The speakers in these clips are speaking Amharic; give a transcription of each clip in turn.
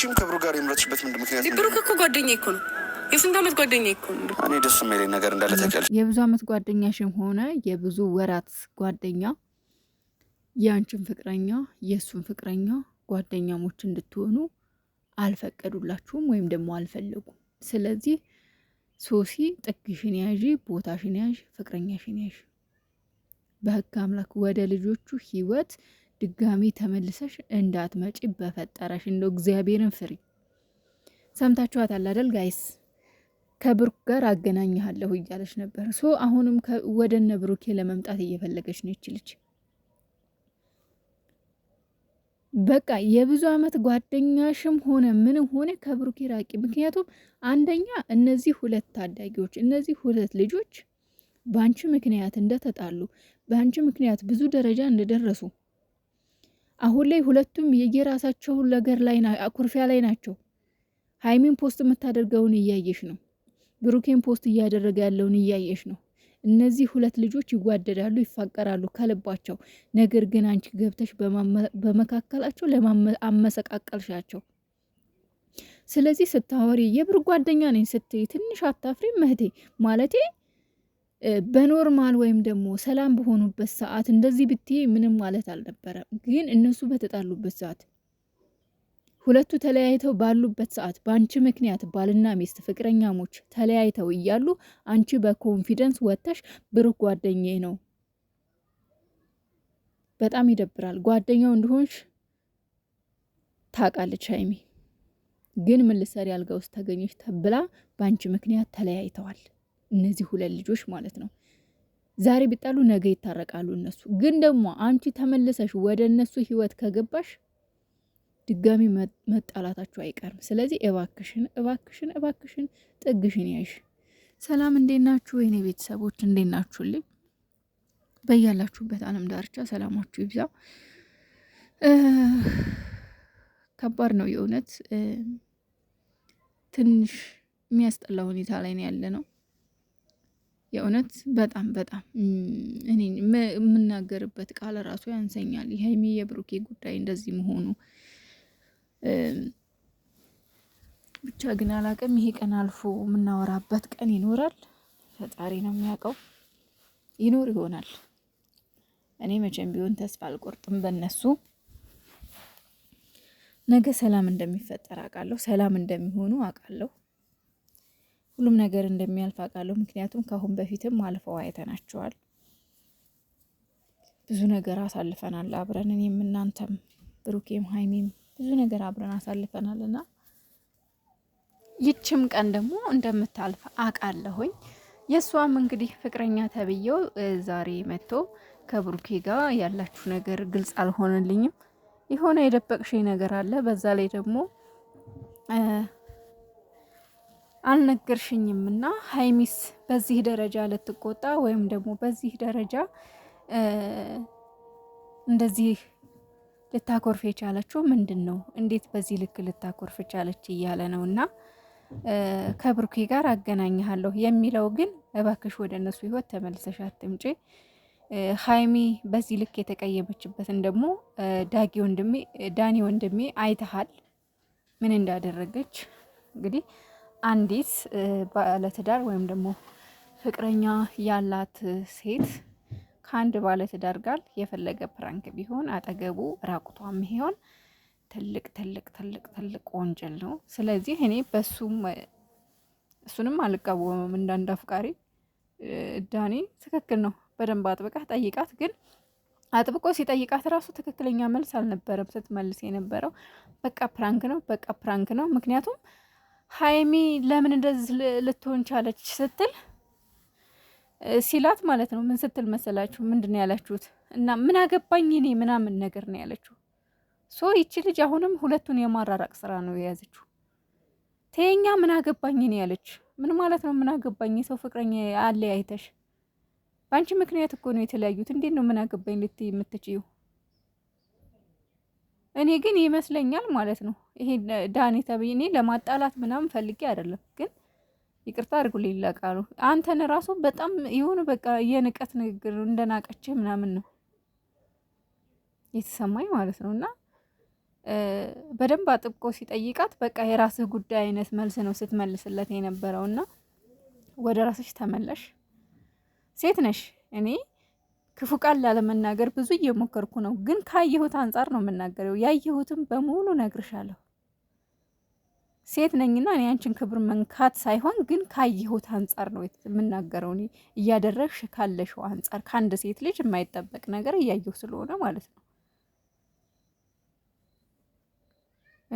አንቺም ከብሩ ጋር የምረችበት ምንድን ምክንያት? ብሩክ እኮ ጓደኛ እኮ ነው። የስንት ዓመት ጓደኛ እኮ ነው። እኔ ደስ የሚለኝ ነገር እንዳለ ታውቂያለሽ። የብዙ ዓመት ጓደኛሽም ሆነ የብዙ ወራት ጓደኛ የአንቺን ፍቅረኛ የእሱን ፍቅረኛ ጓደኛሞች እንድትሆኑ አልፈቀዱላችሁም ወይም ደግሞ አልፈለጉም። ስለዚህ ሶሲ ጥግሽን ያዥ፣ ቦታሽን ያዥ፣ ፍቅረኛሽን ያዥ። በህግ አምላክ ወደ ልጆቹ ህይወት ድጋሚ ተመልሰሽ እንዳትመጪ በፈጠረሽ። እንደው እግዚአብሔርን ፍሪ። ሰምታችኋታል አይደል ጋይስ? ከብሩክ ጋር አገናኝሃለሁ እያለች ነበር። ሶ አሁንም ወደነ ብሩኬ ለመምጣት እየፈለገች ነው ይችልች። በቃ የብዙ አመት ጓደኛሽም ሆነ ምን ሆነ ከብሩኬ ራቂ። ምክንያቱም አንደኛ እነዚህ ሁለት ታዳጊዎች እነዚህ ሁለት ልጆች በአንቺ ምክንያት እንደተጣሉ በአንቺ ምክንያት ብዙ ደረጃ እንደደረሱ አሁን ላይ ሁለቱም የየራሳቸው ነገር ላይ ኩርፊያ ላይ ናቸው። ሀይሚን ፖስት የምታደርገውን እያየሽ ነው፣ ብሩኬን ፖስት እያደረገ ያለውን እያየሽ ነው። እነዚህ ሁለት ልጆች ይጓደዳሉ ይፋቀራሉ ከልባቸው። ነገር ግን አንቺ ገብተሽ በመካከላቸው ለማመሰቃቀልሻቸው። ስለዚህ ስታወሪ የብር ጓደኛ ነኝ ስትይ ትንሽ አታፍሪ? መህቴ ማለቴ በኖርማል ወይም ደግሞ ሰላም በሆኑበት ሰዓት እንደዚህ ብትይ ምንም ማለት አልነበረም። ግን እነሱ በተጣሉበት ሰዓት ሁለቱ ተለያይተው ባሉበት ሰዓት በአንቺ ምክንያት ባልና ሚስት ፍቅረኛሞች ተለያይተው እያሉ አንቺ በኮንፊደንስ ወጥተሽ ብሩክ ጓደኛዬ ነው፣ በጣም ይደብራል። ጓደኛው እንደሆንሽ ታውቃለች ሀይሜ ግን ምን ልሰሪ አልጋ ውስጥ ተገኘች ተብላ በአንቺ ምክንያት ተለያይተዋል። እነዚህ ሁለት ልጆች ማለት ነው። ዛሬ ቢጣሉ ነገ ይታረቃሉ እነሱ። ግን ደግሞ አንቺ ተመልሰሽ ወደ እነሱ ህይወት ከገባሽ ድጋሚ መጣላታችሁ አይቀርም። ስለዚህ እባክሽን እባክሽን እባክሽን ጥግሽን ያይሽ። ሰላም እንዴት ናችሁ? የኔ ቤተሰቦች እንዴት ናችሁልኝ? በያላችሁበት ዓለም ዳርቻ ሰላማችሁ ይብዛ። ከባድ ነው የእውነት ትንሽ የሚያስጠላ ሁኔታ ላይ ነው ያለ ነው። የእውነት በጣም በጣም እኔ የምናገርበት ቃል ራሱ ያንሰኛል። የሀይሚ የብሩኬ ጉዳይ እንደዚህ መሆኑ ብቻ ግን አላቅም። ይሄ ቀን አልፎ የምናወራበት ቀን ይኖራል። ፈጣሪ ነው የሚያውቀው። ይኖር ይሆናል። እኔ መቼም ቢሆን ተስፋ አልቆርጥም በእነሱ ነገ ሰላም እንደሚፈጠር አውቃለሁ። ሰላም እንደሚሆኑ አውቃለሁ። ሁሉም ነገር እንደሚያልፍ አውቃለሁ። ምክንያቱም ከአሁን በፊትም አልፈው አይተናቸዋል። ብዙ ነገር አሳልፈናል አብረን፣ እኔም እናንተም፣ ብሩኬም ሀይሜም ብዙ ነገር አብረን አሳልፈናል እና ይችም ቀን ደግሞ እንደምታልፍ አውቃለሁኝ። የእሷም እንግዲህ ፍቅረኛ ተብዬው ዛሬ መጥቶ ከብሩኬ ጋር ያላችሁ ነገር ግልጽ አልሆነልኝም። የሆነ የደበቅሽ ነገር አለ። በዛ ላይ ደግሞ አልነገርሽኝም እና ሀይሚስ በዚህ ደረጃ ልትቆጣ ወይም ደግሞ በዚህ ደረጃ እንደዚህ ልታኮርፍ የቻለችው ምንድን ነው? እንዴት በዚህ ልክ ልታኮርፍ ቻለች? እያለ ነው እና ከብሩኬ ጋር አገናኝሃለሁ የሚለው ግን እባክሽ ወደ እነሱ ህይወት ተመልሰሽ አትምጪ። ሀይሚ በዚህ ልክ የተቀየመችበትን ደግሞ ዳጊ ወንድሜ ዳኒ ወንድሜ አይተሃል ምን እንዳደረገች እንግዲህ አንዲት ባለትዳር ወይም ደግሞ ፍቅረኛ ያላት ሴት ከአንድ ባለትዳር ጋር የፈለገ ፕራንክ ቢሆን አጠገቡ ራቁቷ ሚሆን ትልቅ ትልቅ ትልቅ ትልቅ ወንጀል ነው። ስለዚህ እኔ በሱም እሱንም አልቃወምም። እንዳንድ አፍቃሪ ዳኔ ትክክል ነው። በደንብ አጥብቃ ጠይቃት። ግን አጥብቆ ሲጠይቃት ራሱ ትክክለኛ መልስ አልነበረም ስትመልስ የነበረው በቃ ፕራንክ ነው፣ በቃ ፕራንክ ነው። ምክንያቱም ሀይሚ ለምን እንደዚህ ልትሆን ቻለች ስትል ሲላት ማለት ነው። ምን ስትል መሰላችሁ? ምንድን ነው ያላችሁት? እና ምን አገባኝ እኔ ምናምን ነገር ነው ያለችው። ሶ ይቺ ልጅ አሁንም ሁለቱን የማራራቅ ስራ ነው የያዘችው። ተኛ ምን አገባኝ እኔ ያለች ምን ማለት ነው? ምን አገባኝ የሰው ፍቅረኛ አለ አይተሽ፣ በአንቺ ምክንያት እኮ ነው የተለያዩት። እንዴት ነው ምን አገባኝ ልትይ የምትችይው? እኔ ግን ይመስለኛል ማለት ነው ይሄ ዳኔ ተብዬ እኔ ለማጣላት ምናምን ፈልጌ አይደለም፣ ግን ይቅርታ አድርጉልኝ ለቃሉ። አንተን ራሱ በጣም የሆነ በቃ የንቀት ንግግር እንደናቀች ምናምን ነው የተሰማኝ ማለት ነው። እና በደንብ አጥብቆ ሲጠይቃት በቃ የራስህ ጉዳይ አይነት መልስ ነው ስትመልስለት የነበረው እና ወደ ራስሽ ተመለሽ። ሴት ነሽ። እኔ ክፉ ቃል ላለመናገር ብዙ እየሞከርኩ ነው፣ ግን ካየሁት አንጻር ነው የምናገረው። ያየሁትም በሙሉ ነግርሻለሁ። ሴት ነኝና እኔ አንቺን ክብር መንካት ሳይሆን ግን ካየሁት አንጻር ነው የምናገረው። እኔ እያደረግሽ ካለሽው አንጻር ከአንድ ሴት ልጅ የማይጠበቅ ነገር እያየሁ ስለሆነ ማለት ነው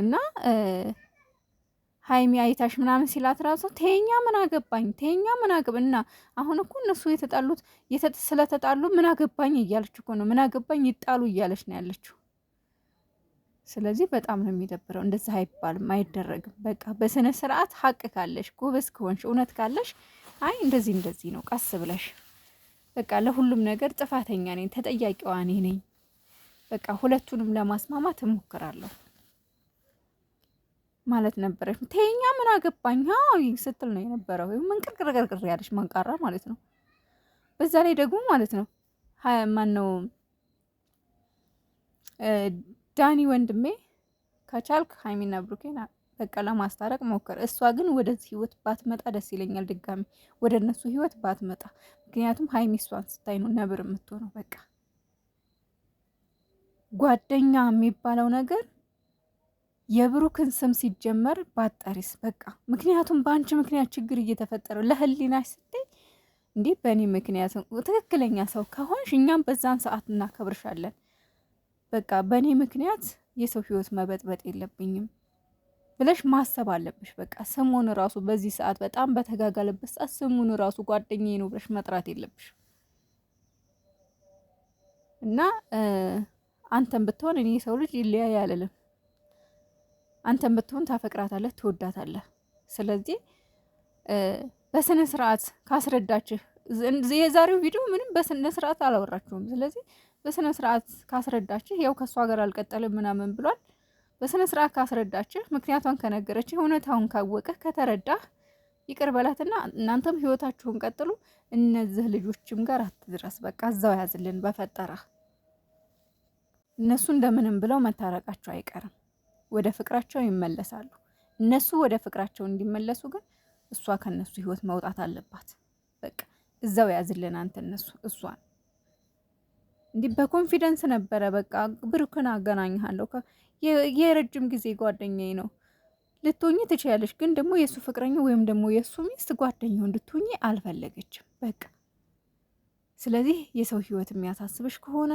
እና ሀይሚ አይታሽ ምናምን ሲላት ራሱ ቴኛ ምን አገባኝ ቴኛ ምን አገብ እና አሁን እኮ እነሱ የተጣሉት ስለተጣሉ ምን አገባኝ እያለች እኮ ነው። ምን አገባኝ ይጣሉ እያለች ነው ያለችው። ስለዚህ በጣም ነው የሚደብረው። እንደዛ አይባልም፣ አይደረግም። በቃ በስነ ስርዓት ሀቅ ካለሽ ጎበዝ ከሆንሽ እውነት ካለሽ አይ እንደዚህ እንደዚህ ነው ቀስ ብለሽ በቃ ለሁሉም ነገር ጥፋተኛ ነኝ ተጠያቂዋ እኔ ነኝ፣ በቃ ሁለቱንም ለማስማማት እሞክራለሁ ማለት ነበረች። ተኛ ምን አገባኝ ስትል ነው የነበረው። ምንቅርቅርቅርቅር ያለች መንቃራ ማለት ነው። በዛ ላይ ደግሞ ማለት ነው ማን ነው ዳኒ ወንድሜ ከቻልክ ሀይሚና ብሩኬን በቃ ለማስታረቅ ሞክር። እሷ ግን ወደዚህ ህይወት ባትመጣ ደስ ይለኛል። ድጋሚ ወደ እነሱ ህይወት ባትመጣ፣ ምክንያቱም ሀይሚ እሷን ስታይ ነው ነብር የምትሆነው። በቃ ጓደኛ የሚባለው ነገር የብሩክን ስም ሲጀመር ባጠሪስ በቃ ምክንያቱም በአንቺ ምክንያት ችግር እየተፈጠረ ለህሊናሽ ስትይ እንዲህ በእኔ ምክንያት ትክክለኛ ሰው ከሆንሽ እኛም በዛን ሰዓት እናከብርሻለን። በቃ በእኔ ምክንያት የሰው ህይወት መበጥበጥ የለብኝም ብለሽ ማሰብ አለብሽ። በቃ ስሙን ራሱ በዚህ ሰዓት በጣም በተጋጋለበት ሰዓት ስሙን ራሱ ጓደኛዬ ነው ብለሽ መጥራት የለብሽ እና አንተም ብትሆን እኔ የሰው ልጅ ይለያይ አልልም። አንተም ብትሆን ታፈቅራታለህ፣ ትወዳታለህ። ስለዚህ በስነ ስርዓት ካስረዳችህ የዛሬው ቪዲዮ ምንም በስነ ስርዓት አላወራችሁም። ስለዚህ በስነ ስርዓት ካስረዳችህ፣ ያው ከእሷ ጋር አልቀጠልም ምናምን ብሏል። በስነ ስርዓት ካስረዳችህ፣ ምክንያቷን ከነገረችህ፣ እውነታውን ካወቀህ፣ ከተረዳህ ይቅር በላትና እናንተም ህይወታችሁን ቀጥሉ። እነዚህ ልጆችም ጋር አትድረስ። በቃ እዛው ያዝልን በፈጠረህ። እነሱ እንደምንም ብለው መታረቃቸው አይቀርም፣ ወደ ፍቅራቸው ይመለሳሉ። እነሱ ወደ ፍቅራቸው እንዲመለሱ ግን እሷ ከነሱ ህይወት መውጣት አለባት። እዛው ያዝልን አንተ እነሱ እሷን እንዲህ በኮንፊደንስ ነበረ። በቃ ብሩክን አገናኝሃለሁ የረጅም ጊዜ ጓደኛዬ ነው ልትሆኚ ትችያለሽ፣ ግን ደግሞ የእሱ ፍቅረኛ ወይም ደግሞ የእሱ ሚስት ጓደኛው እንድትሆኚ አልፈለገችም። በቃ ስለዚህ የሰው ህይወት የሚያሳስብሽ ከሆነ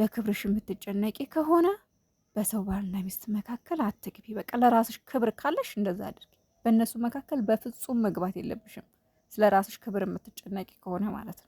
ለክብርሽ የምትጨነቂ ከሆነ በሰው ባልና ሚስት መካከል አትግቢ። በቃ ለራስሽ ክብር ካለሽ እንደዛ አድርጊ። በእነሱ መካከል በፍጹም መግባት የለብሽም። ስለ ራስሽ ክብር የምትጨነቂ ከሆነ ማለት ነው።